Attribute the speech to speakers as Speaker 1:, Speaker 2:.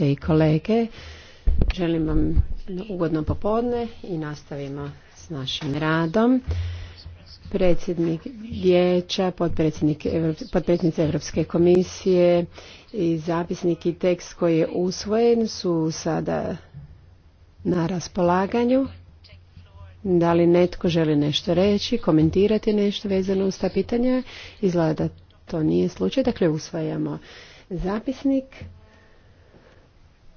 Speaker 1: i kolege, želim vam ugodno popodne i nastavimo s našim radom. Predsjednik vijeća, potpredsjednica Europske komisije i zapisnik i tekst koji je usvojen su sada na raspolaganju. Da li netko želi nešto reći, komentirati nešto vezano uz ta pitanja? Izgleda da to nije slučaj, dakle usvajamo zapisnik.